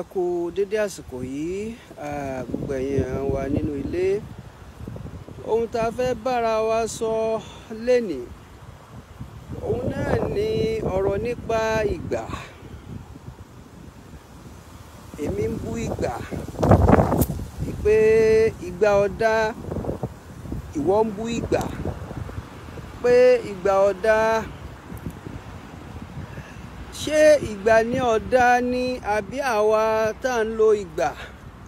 ẹ kú dédé àsìkò yìí gbogbo ẹ̀yin wa nínú ilé ohun tá a fẹ́ bára wa sọ lénìí òun náà ni ọ̀rọ̀ nípa ìgbà èmi ń bú ìgbà pé ìgbà ọ̀dá ìwọ bú ìgbà pé ìgbà ọ̀dá ṣé ìgbà ni ọ̀dà ni àbí àwa tá à ń lo ìgbà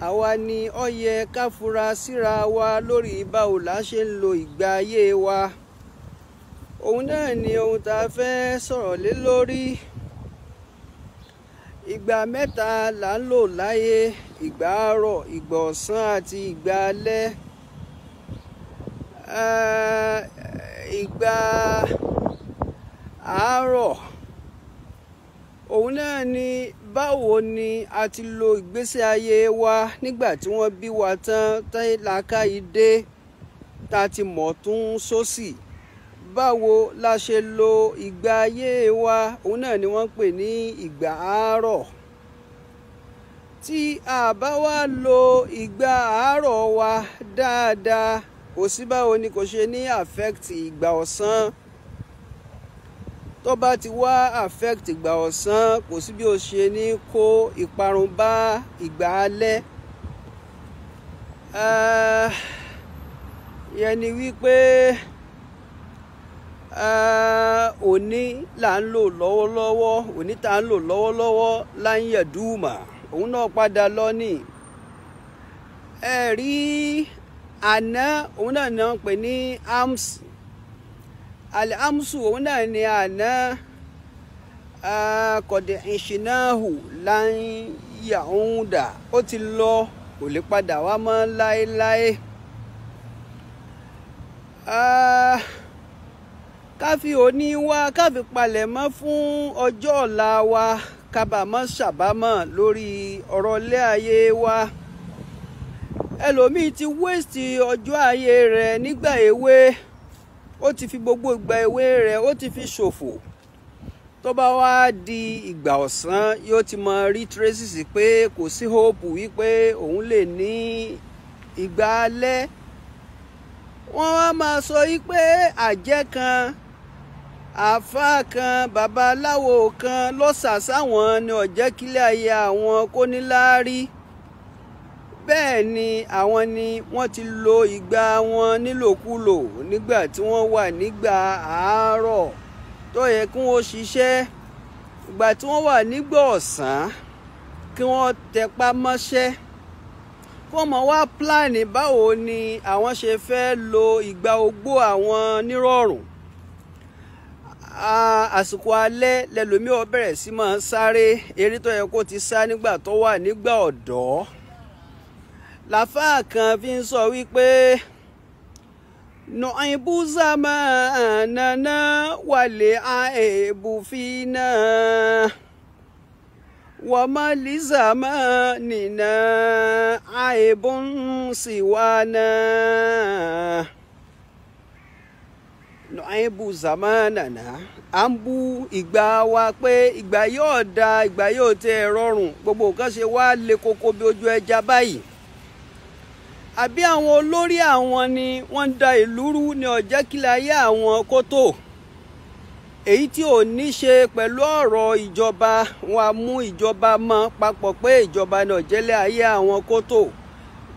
àwa ni ó yẹ ká fura síra wa lórí báwo la ṣe ń lo ìgbà ayé wa òun náà ni ohun tá a fẹ́ sọ̀rọ̀ lé lórí ìgbà mẹ́ta là ń lò láyé ìgbà àárọ̀ ìgbà ọ̀sán àti ìgbà alẹ́ ìgbà àárọ̀ òun náà ni báwo ni a ti lo ìgbésí ayé wa nígbà tí wọ́n bí wa tán táyé làákàyè dé tá a ti mọ̀ tún sósì báwo la ṣe lo ìgbà ayé wa òun náà ni wọ́n ń pè ní ìgbà àárọ̀ tí a bá wá lo ìgbà àárọ̀ wa dáadáa kò sí báwo ni kò ṣe ní àfẹ́kìtì ìgbà ọ̀sán tó bá ti wá affect ìgbà ọ̀sán kò sí bí o ṣe ní kó ìparun bá ìgbà alẹ́ ah, ìyẹn ni wípé ah, òní là ń lò lọ́wọ́lọ́wọ́ òní tá ń lò lọ́wọ́lọ́wọ́ láyẹ̀dùmà òun náà padà lọ ní ẹ̀rí àná òun náà náà pè ní amsi Alamsu amsu òun náà ni àná kọ̀dé ìṣìnáhù láyàúndà ó ti lọ kò lè padà wá mọ́ láéláé. káfí òní wá káfí palẹ̀ mọ́ fún ọjọ́ ọ̀la wa kábàámọ̀ ṣàbámọ̀ lórí ọ̀rọ̀ ilé ayé wa ẹlòmíì ti wéèsì ọjọ́ ayé rẹ̀ nígbà èwe ó ti fi gbogbo ìgbà èwe rẹ̀ ó ti fi ṣòfò tó bá wá di ìgbà ọ̀sán yóò ti mọ rí traces pé kò sí hope wípé òun lè ní ìgbà alẹ́ wọ́n wá máa sọ wípé àjẹ́ kan àáfàá kan babaláwo kan lọ́sàsáwọn ni ó ayé àwọn kóníláárí bẹ́ẹ̀ ni àwọn ni wọ́n ti lo ìgbà wọn nílòkulò nígbà tí wọ́n wà nígbà àárọ̀ tó yẹ kí wọ́n ṣiṣẹ́ ìgbà tí wọ́n wà nígbà ọ̀sán kí wọ́n tẹpá mọ́ṣẹ́ kí wọ́n mọ̀ wá pílánì báwo ni àwọn ṣe fẹ́ lo ìgbà ogbó àwọn nírọ̀rùn àsìkò alẹ́ lẹ́lòmíọ́ bẹ̀rẹ̀ sí máa sáré eré tó yẹ kó ti sá nígbà tó wà nígbà ọ̀dọ́ làfáà kan fi ń sọ wípé nùbù sàmà nànà wàlẹ̀ àìbù fi náà wàmálì sàmà nìna àìbù sì wà náà nùbù sàmà nànà à ń bú ìgbà wa pé ìgbà yóò da ìgbà yóò tẹ ẹ rọrùn gbogbo nǹkan ṣe wá le koko bí ojú ẹja báyìí àbí àwọn olórí àwọn ni wọ́n ń da ìlú rú ní ọ̀jẹ́ kílẹ̀ ayé àwọn kótó èyí tí ò ní ṣe pẹ̀lú ọ̀rọ̀ ìjọba wọn mú ìjọba mọ́ papọ̀ pé ìjọba ní ọ̀jẹ́lẹ̀ ayé àwọn kótó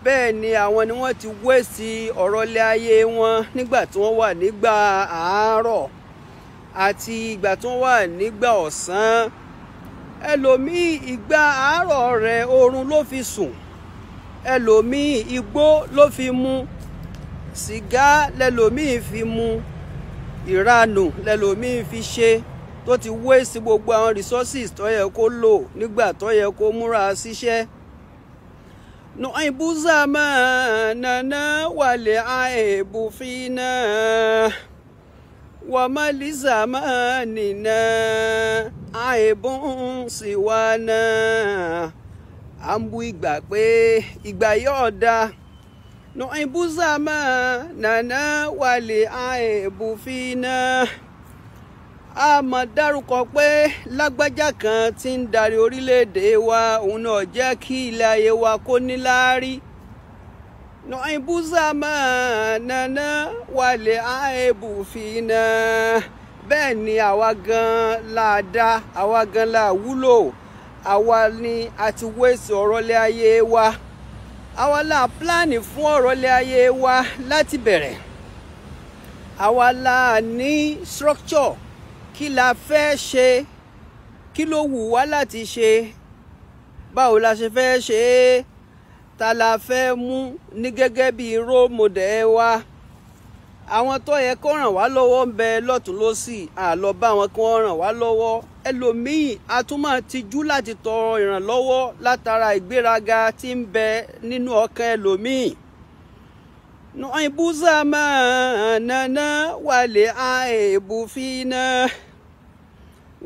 bẹ́ẹ̀ ni àwọn ni wọ́n ti wéṣì ọ̀rọ̀ ilé ayé wọn nígbà tí wọ́n wà nígbà àárọ̀ àti ìgbà tí wọ́n wà nígbà ọ̀sán ẹlòmíì ìgbà àárọ̀ rẹ̀ oorun ló fi sùn ẹlòmíì igbó ló fi mu sìgá lẹlòmíì fi mu ìranù lẹlòmíì fi ṣe tó ti waste gbogbo àwọn resources tó yẹ kó lò nígbà tó yẹ kó múra síṣẹ́. nùbù zàmà nànà wàlẹ̀ àìbù fínà wàmálì zàmà nìna àìbù síwánà. à ń bu ìgbà pé ìgbà yóò da nùbùsà máa nàná wàlè àìbù fi náà a mọ̀ dárúkọ pé lágbájá kan tí ń darí orílẹ̀-èdè wa òun náà jẹ́ kí ilé ayé wa kó níláárí nùbù sàmà nàná wàlẹ̀ àìbù fi náà bẹ́ẹ̀ ni àwa gan la da àwa gan la wúlò. àwa ni a ti wéṣọ ọ̀rọ̀lẹ́ ayé wa àwa la pílánì fún ọ̀rọ̀lẹ́ ayé wa láti bẹ̀rẹ̀ àwa la ní structure kí la fẹ́ ṣe kí ló wù wá láti ṣe báwo la ṣe fẹ́ ṣe é ta la fẹ́ mú ní gẹ́gẹ́ bí role model wa àwọn tó yẹ kó ràn wá lọ́wọ́ ń bẹ lọ́tún lọ́sì àlọ́ bá wọn kó ràn wá lọ́wọ́ ẹlòmíì a tún máa tijú láti tọrọ ìrànlọ́wọ́ látara ìgbéraga tí ń bẹ nínú ọkàn ẹlòmíì. nùbù sàmà nànà wàlẹ̀ àìbù fínà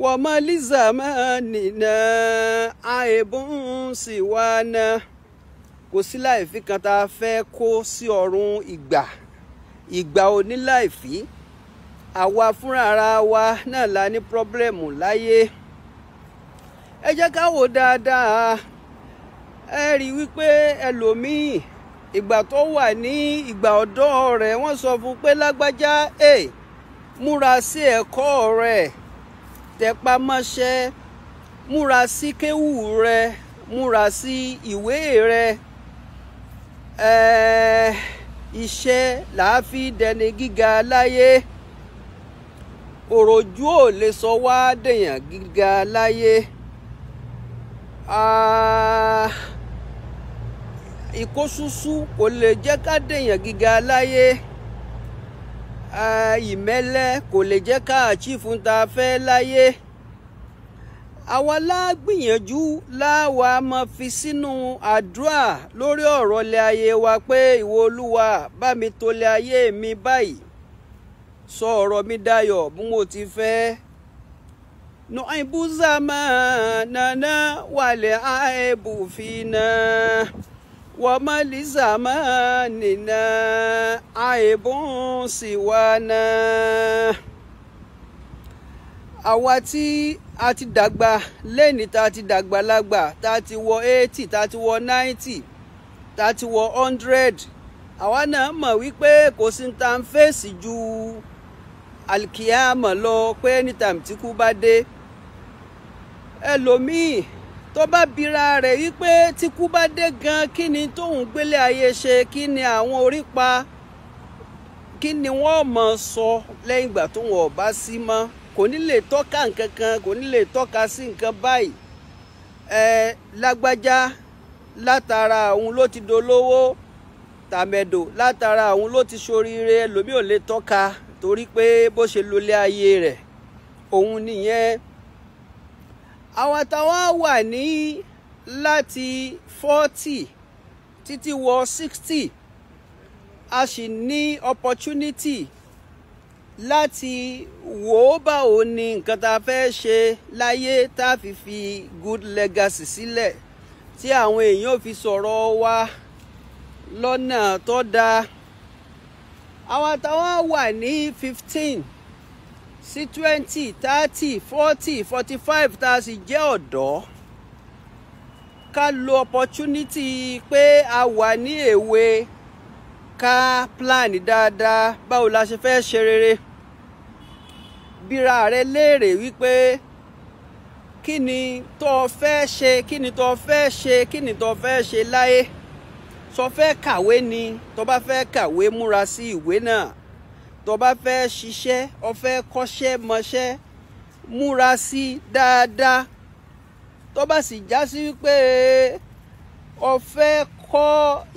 wàmọ́lì sàmà nìna àìbù sì wà ná. kò sí láìfi kan tá a fẹ́ kó sí ọ̀run ìgbà ìgbà oníláìfí àwa fúnra wa náà la ní pírọ́blẹ́mù láyé ẹ jẹ́ ká wò dáadáa ẹ rí i wípé ẹlòmíì ìgbà tó wà ní ìgbà ọ̀dọ́ rẹ̀ wọ́n sọ fún pé lágbájá ẹ eh, múra sí ẹ̀kọ́ rẹ̀ tẹpá múra sí kéwù rẹ̀ múra sí ìwé rẹ̀ ẹ eh, iṣẹ́ làá fi dẹni gíga láyé òròjú ò lè sọ wá dèèyàn gíga láyé ìkóṣúṣú kò lè jẹ́ ká dèèyàn gíga láyé ìmẹ́lẹ́ kò lè jẹ́ ká àchífun tá fẹ́ láyé àwa lágbìyànjú láwa máa fi sínú àdúrà lórí ọ̀rọ̀ ilé ayé wa pé ìwọ olúwa bá mi tolé ayé mi báyìí sọ ọ̀rọ̀ mi dayọ̀ bí mo ti fẹ́. nùhìnbù sàmà nànà wàlẹ̀ àìbù fínà wàmàlì sàmà nìna àìbù síwánà. àwa tí a ti dàgbà lẹ́ni tá a ti dàgbà lágbà tá a ti wọ eighty tá a ti wọ ninety tá a ti wọ hundred àwa náà mọ̀ wípé kò sí ní tá ń fèsì ju alkiyama lọ pé anytime tí kú bá dé ẹlòmíì tó bá bira rẹ̀ wípé tí kú bá dé gan kí ni tóun gbélé ayé ṣe kí ni àwọn orípa kí ni wọ́n mọ̀ sọ lẹ́yìn ìgbà tóun ò bá sí mọ́ kò ní lè tọ́ka nǹkan kan kò ní lè tọ́ka sí nǹkan báyìí ẹ lágbájá látara òun ló ti dolówó tàmẹ̀dò látara òun ló ti ṣoríire ẹlòmíì ò lè tọ́ka torí pé bó ṣe lólé ayé rẹ̀ òun nìyẹn àwọn táwọn wà ní láti forty títí wọ sixty a sì ní opportunity láti wò ó báwo ni nǹkan tá a fẹ́ ṣe láyé tá a fi fi good legacy sílẹ̀ tí àwọn èèyàn fi sọ̀rọ̀ wa lọ́nà tó dáa àwọn táwọn wà ní fifteen sí twenty thirty forty forty five tá a sì jẹ́ ọ̀dọ́ ká lo opportunity pé a wà ní èwe ká plan dáadáa báwo la ṣe fẹ́ ṣe rere bíra rẹ léèrè wípé kí ni tó fẹ́ ṣe kí ni tó fẹ́ ṣe kí ni tó fẹ́ ṣe láyé sọ fẹ́ kàwé ni tó bá fẹ́ kàwé múra sí ìwé náà tó bá fẹ́ ṣiṣẹ́ o fẹ́ kọ́ṣẹ́ mọṣẹ́ múra sí dáadáa tó bá sì já sí wípé o kọ́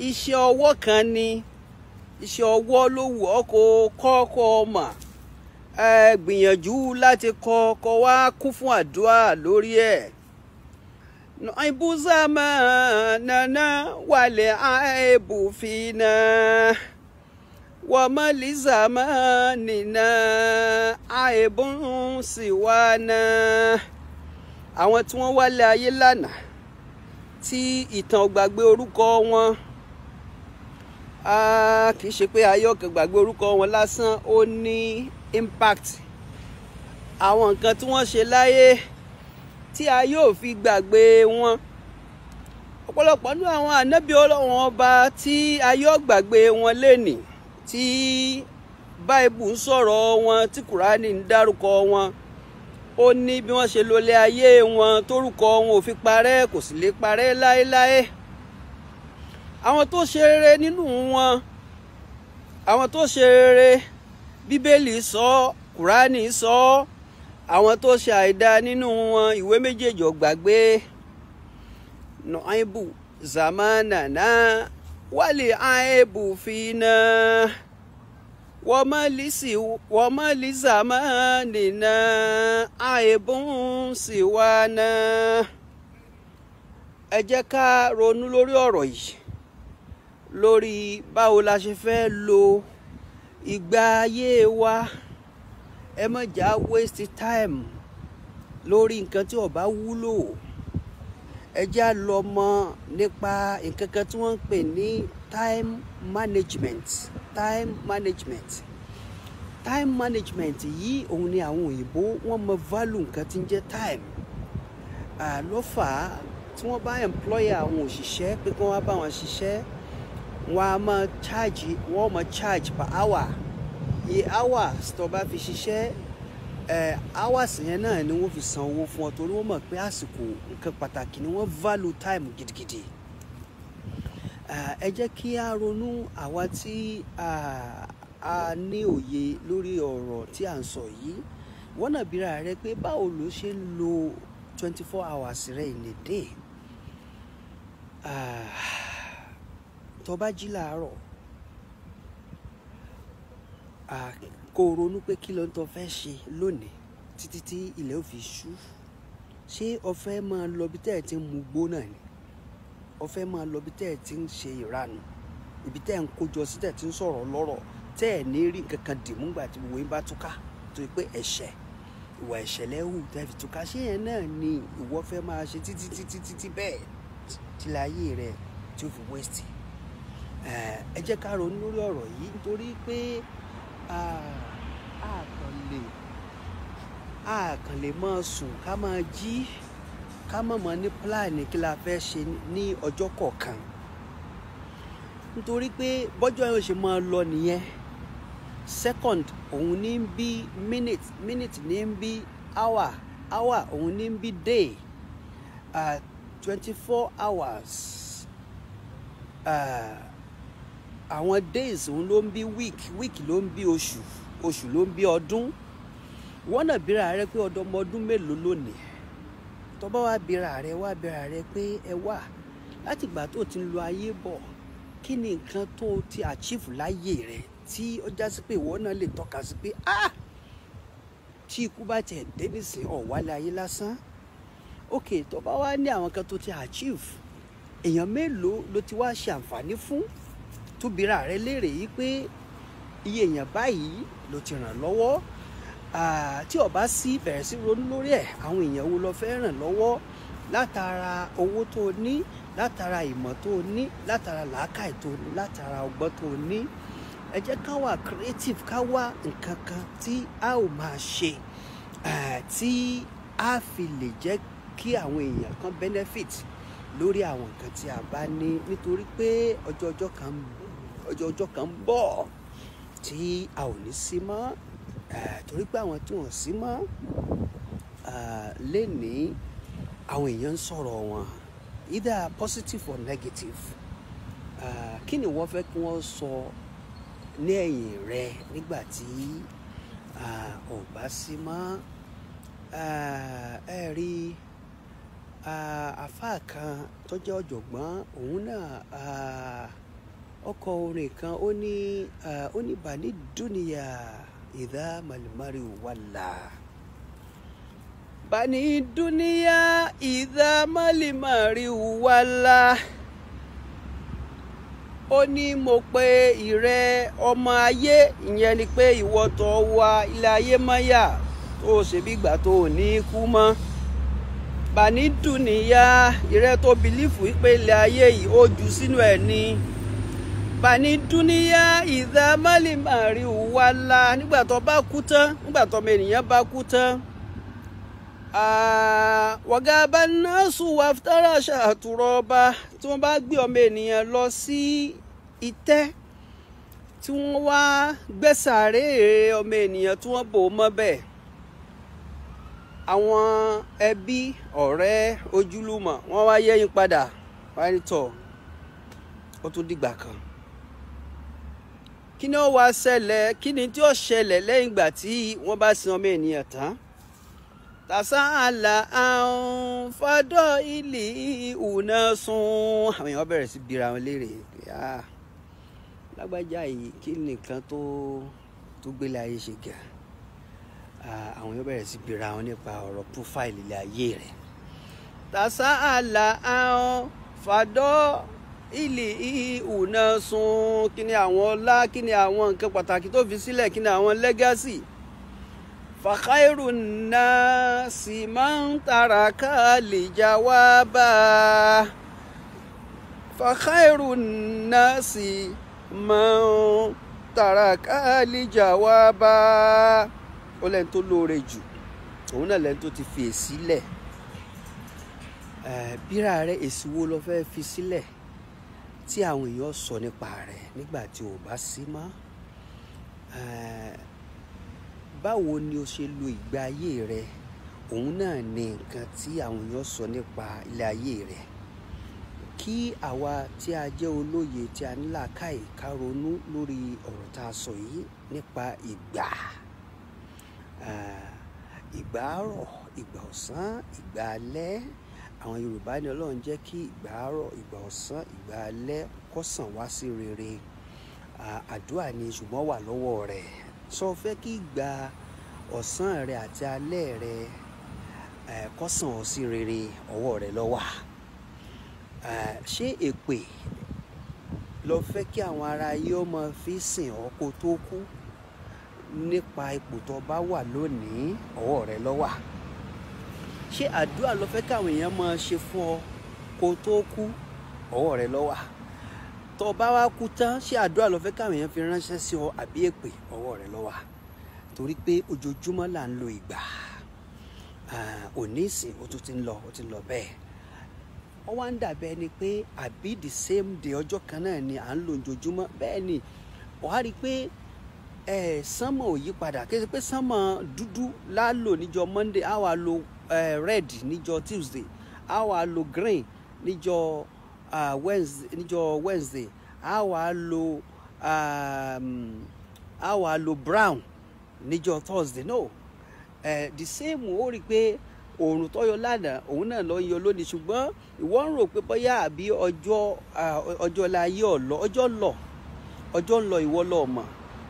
iṣẹ́ ọwọ́ kan ni iṣẹ́ ọwọ́ ló wù ọ́ kó kọ́ kó o gbìyànjú láti kọ́ kó wá kún fún àdúrà lórí ẹ̀. نعيب زماننا والعيب فينا وما لزماننا عيب سوانا àwọn tí wọ́n wálé ayé lánàá tí ìtàn gbàgbé orúkọ wọn kì í ṣe pé ayọ́kẹ́ gbàgbé orúkọ wọn lásán ó ní impact àwọn nǹkan tí wọ́n ṣe láyé tí a yóò fi gbàgbé wọn ọ̀pọ̀lọpọ̀ nínú àwọn ànábì ọlọ́run ọba tí a yóò gbàgbé wọn lénì tí báìbù ń sọ̀rọ̀ wọn tí kùránì ń dárúkọ wọn ó ní bí wọ́n ṣe lólé ayé wọn tórúkọ wọn ò fi parẹ́ kò sì lè parẹ́ láéláé àwọn tó ṣe rere nínú wọn àwọn tó ṣe rere bíbélì sọ kùránì sọ ọ́ àwọn tó ṣe àìdá nínú wọn ìwé méjèèjì ọ̀gbàgbé nọ́ọ̀ìbù zamanana wálé àìbù fínà wọ́mọ̀lì zamanina àìbù síwánà ẹ jẹ́ ká ronú lórí ọ̀rọ̀ yìí lórí báwo la ṣe fẹ́ lo ìgbà ayé wa ẹ má jà waste time lórí nǹkan tí ó bá wúlò ẹ já lọ mọ̀ nípa nǹkan kan tí wọ́n ń pè ní time management time management time management yìí òun ni àwọn òyìnbó wọ́n mọ̀ value nǹkan tí ń jẹ́ time àlọ́fà tí wọ́n bá employer àwọn òṣìṣẹ́ pé kí wọ́n bá wọn ṣiṣẹ́ wọ́n á máa charge wọ́n máa charge per hour iye hours tó bá fi ṣiṣẹ́ hours yẹn náà ni wọ́n fi san owó fún ọ torí wọ́n mọ̀ pé àsìkò nǹkan pàtàkì ni wọ́n value time gidigidi ẹ jẹ́ kí a ronú àwa tí a ní òye lórí ọ̀rọ̀ tí à ń sọ yìí wọ́n náà bira rẹ pé báwo ló ṣe ń lo twenty four hours rẹ in a day tó bá jí làárọ̀ kó o ronú pé kí ló ń tọ́ fẹ́ ṣe lónìí títí tí ilẹ̀ ò fi ṣú ṣé ọfẹ́ máa lọ bí tẹ́ ẹ̀ ti ń mu gbó náà ni ọfẹ́ máa lọ bí tẹ́ ẹ̀ ti ń ṣe ìranù ibi tẹ́ ẹ̀ ń kójọ sí tẹ́ ẹ̀ ti ń sọ̀rọ̀ lọ́rọ̀ tẹ́ ẹ̀ ní rí nǹkan kan dì múgbà tí gbogbo yín bá túká tó yẹ pé ẹ̀ṣẹ̀ ìwà ẹ̀ṣẹ̀ lẹ́hù tẹ́ fi túká ṣé yẹn náà ni ìwọ fẹ́ máa ṣe títí títí títí bẹ́ẹ̀ tílé ayé rẹ tí ó fi wẹ́sì ẹ jẹ́ ká ronú lórí ọ̀rọ̀ yìí nítorí pé àkànlè àkànlè máa sùn ká máa jí ká má mọ ní pílánì kí la fẹ́ ṣe ní ọjọ́ kọ̀ọ̀kan nítorí pé bọ́jọ́ yóò ṣe máa lọ nìyẹn second òun ní ń bí minute minute ní ń bí hour hour òun ní ń bí day twenty uh, four hours. Uh, àwọn days òun ló ń bí week week ló ń bí oṣù oṣù ló ń bí ọdún wọ́n náà bíra rẹ pé ọdọmọ ọdún mélòó lónìí tó bá wá bíra rẹ wá bíra rẹ pé ẹ wà láti ìgbà tó ti ń lo ayé bọ̀ kí ni nǹkan tó ti achieve láyé rẹ tí ó já sí pé ìwọ náà lè tọ́ka sí pé ah tí ikú bá tiẹ̀ dé nísìn ọ̀wálé ayé lásán ok tó bá wá ní àwọn kan tó ti achieve èèyàn mélòó ló ti wá ṣe àǹfààní fún tó bira rẹ léèrè yìí pé iye èèyàn báyìí ló ti ràn lọ́wọ́ tí o bá sí bẹ̀rẹ̀ sí ronú lórí ẹ̀ àwọn èèyàn wo lo fẹ́ ràn lọ́wọ́ látara owó tó o ní látara ìmọ̀ tó o ní látara làákàì tó o ní látara ọgbọ́n tó o ní ẹ jẹ́ ká wà creative ká wà nǹkan kan tí a ò máa ṣe tí a fi lè jẹ́ kí àwọn èèyàn kan benefit lórí àwọn nǹkan tí a bá ní nítorí pé ọjọ́ ọjọ́ kan ń ọjọ́ ọjọ́ kan ń bọ̀ tí a ò ní sí mọ́ torí pé àwọn tí wọ́n sí mọ́ lè ní àwọn èèyàn ń sọ̀rọ̀ wọn either positive or negative kí ni wọ́n fẹ́ kí wọ́n sọ ní ẹ̀yìn rẹ nígbà tí ò bá sí mọ́ ẹ rí àfáà kan tó jẹ́ ọ̀jọ̀gbọ́n òun náà ọkọ̀ orin kan ó ní ó ní bani dúnìyà ìdá màlúmárì wàlà. bani dúnìyà ìdá màlúmárì wàlà. ó ní mo pe ìrẹ ọmọ ayé ìyẹn ni pé ìwọ tó wa ilé ayé mọ́yà tó o ṣe bí ìgbà tó o ní kú mọ́ bani dúnìyà ìrẹ tó bìlífù pé ilé ayé yìí ó jù sínú ẹ̀ ni bani dúníyá ìdá málìmárì wàlà nígbà tó bá kú tán nígbà tó ọmọ ènìyàn bá kú tán wàgàbà násù wàftárà ṣàtúrọ̀ ọba tí wọ́n bá gbé ọmọ ènìyàn lọ sí itẹ́ tí wọ́n wá gbẹ́sàárè ọmọ ènìyàn tí wọ́n bò mọ́ bẹ́ẹ̀ àwọn ẹbí ọ̀rẹ́ ojúlùmọ̀ wọ́n wá yẹ́yìn padà wọ́n tọ̀ ó tún dìgbà kan kí ni ó wá ṣẹlẹ̀ kí ni tí ó ṣẹlẹ̀ lẹ́yìn ìgbà tí wọ́n bá sin ọmọ ènìyàn tán tàṣàlà àwọn fọdọ ilé ìhùnà sun àwọn èèyàn bẹ̀rẹ̀ sí bira wọn léèrè pé ah lágbájá yìí kí nìkan tó tó gbélé ayé ṣe gà àwọn èèyàn bẹ̀rẹ̀ sí bira wọn nípa ọ̀rọ̀ profile ilé ayé rẹ̀ tàṣàlà àwọn fọdọ ilé ìhùnà sun kí ni àwọn ọlá kí ni àwọn nǹkan pàtàkì tó fi sílẹ̀ kí ni àwọn lẹ́gásì fàkàìrù náà sì máa ń tara ká lè já wá bá a fàkàìrù náà sì máa ń tara ká lè já wá bá a ó lẹ́ni tó lóore jù òun náà lẹ́ni tó ti fi èsì lẹ̀ bírà rẹ̀ èsì wo lo fẹ́ fi sílẹ̀. Si tí àwọn èèyàn sọ nípa rẹ̀ nígbà tí ò bá sí mọ́ eh, báwo ni o ṣe lo ìgbé ayé rẹ òun náà ni nǹkan tí àwọn èèyàn sọ nípa ilé ayé rẹ kí àwa tí a jẹ́ olóye tí a ní làákàyè ká ronú lórí ọ̀rọ̀ tá a sọ yìí nípa ìgbà eh, ìgbà àárọ̀ ìgbà ọ̀sán ìgbà alẹ́ àwọn Yorùbá ní Ọlọ́run jẹ́ kí ìgbà àárọ̀ ìgbà ọ̀sán ìgbà alẹ́ kó wá sí rere àdúrà ni ṣùgbọ́n wà lọ́wọ́ rẹ̀ sọ fẹ́ kí ìgbà ọ̀sán rẹ àti alẹ́ rẹ kó sàn ọ́ sí rere ọwọ́ rẹ ló wà ṣé èpè ló fẹ́ kí àwọn ará ayé ọmọ fi sìn ọ́ tó kú nípa ipò tó bá wà lónìí ọwọ́ rẹ ló ṣé àdúrà ló fẹ́ káwọn èèyàn máa ṣe fún ọ kó tó kú ọwọ́ rẹ ló wà tó bá wá kú tán ṣé àdúrà ló fẹ́ káwọn èèyàn fi ránṣẹ́ sí ọ àbí èpè ọwọ́ rẹ ló wà torí pé ojoojúmọ́ là ń lo ìgbà òní ìsìn ó tún ti ń lọ ó ti ń lọ bẹ́ẹ̀ ó wá ń dàbẹ́ ni pé àbí the same day ọjọ́ kan náà ni à ń lò ojoojúmọ́ bẹ́ẹ̀ ni wàá rí i pé sánmọ̀ ò yí padà kí ẹ ṣe pé sánmọ̀ dúdú lálò níjọ́ Monday á wà lo uh, red níjọ́ tuesday a wàá lo green níjọ́ uh, ah, wednesday níjọ́ wednesday a lo um, a lo brown níjọ́ thursday no uh, the same ó rí i pé oòrùn tó yọ lánàá òun náà ló ń yọ lónìí ṣùgbọ́n ìwọ ń rò pé bóyá àbí ọjọ́ ah, ọjọ́ láyé ọ̀lọ́ ọjọ́ lọ ọjọ ń lọ ìwọ lọ mọ̀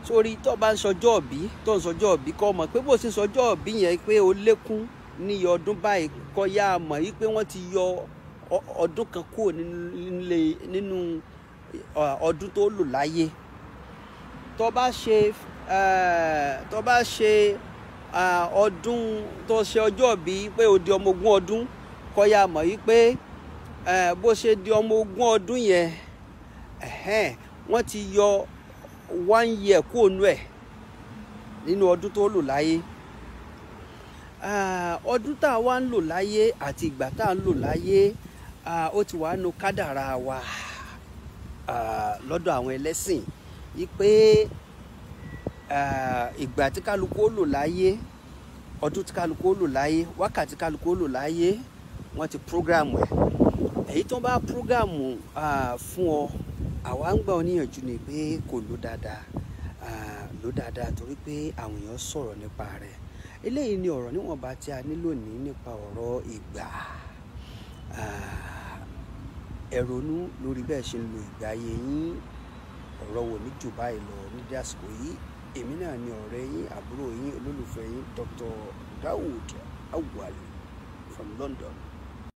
sórí tó bá ń sọjọ́ ọ̀bí tó ń sọjọ́ ọ̀bí kọ́ mọ̀ pé bó ṣe ń sọjọ́ ọ̀bí yẹn pé o lékún níyọ ọdún báyìí kọ́yá mọ̀ yí pé wọ́n ti yọ ọdún kan kúrò nínú ọdún tó lò láyé tó bá ṣe tó bá ṣe ọdún tó ṣe ọjọ́ bí pé ó di ọmọ ogún ọdún kọ́yá mọ̀ yí pé bó ṣe di ọmọ ogún ọdún yẹn wọ́n ti yọ one year kúrò nú ẹ̀ nínú ọdún tó lò láyé. Ah, ọdún tá a wá ń lò láyé àti ìgbà tá a ń lò láyé ah, ó ti wá nu kádàrá wa ah, lọ́dọ̀ àwọn ẹlẹ́sìn yí pé ìgbà tí kálukú ó lò láyé ọdún tí kálukú ó lò láyé wákàtí kálukú ó lò láyé wọ́n ti program ẹ̀ èyí tó bá program fún ọ àwa ń gbà ọ níyànjú ni pé kò lò dáadáa lò dáadáa torí pé àwọn èèyàn sọ̀rọ̀ nípa rẹ̀ eléyìí ni ọ̀rọ̀ níwọ̀nba tí a ní lónìí nípa ọ̀rọ̀ ìgbà ẹ ronú lórí bẹ́ẹ̀ ṣe ń lo ìgbé ayé yín ọ̀rọ̀ wò ní jù báyìí lọ nídìí àsìkò yìí èmi náà ni ọ̀rẹ́ yín àbúrò yín olólùfẹ́ yín Dr. Dawood Awale from London.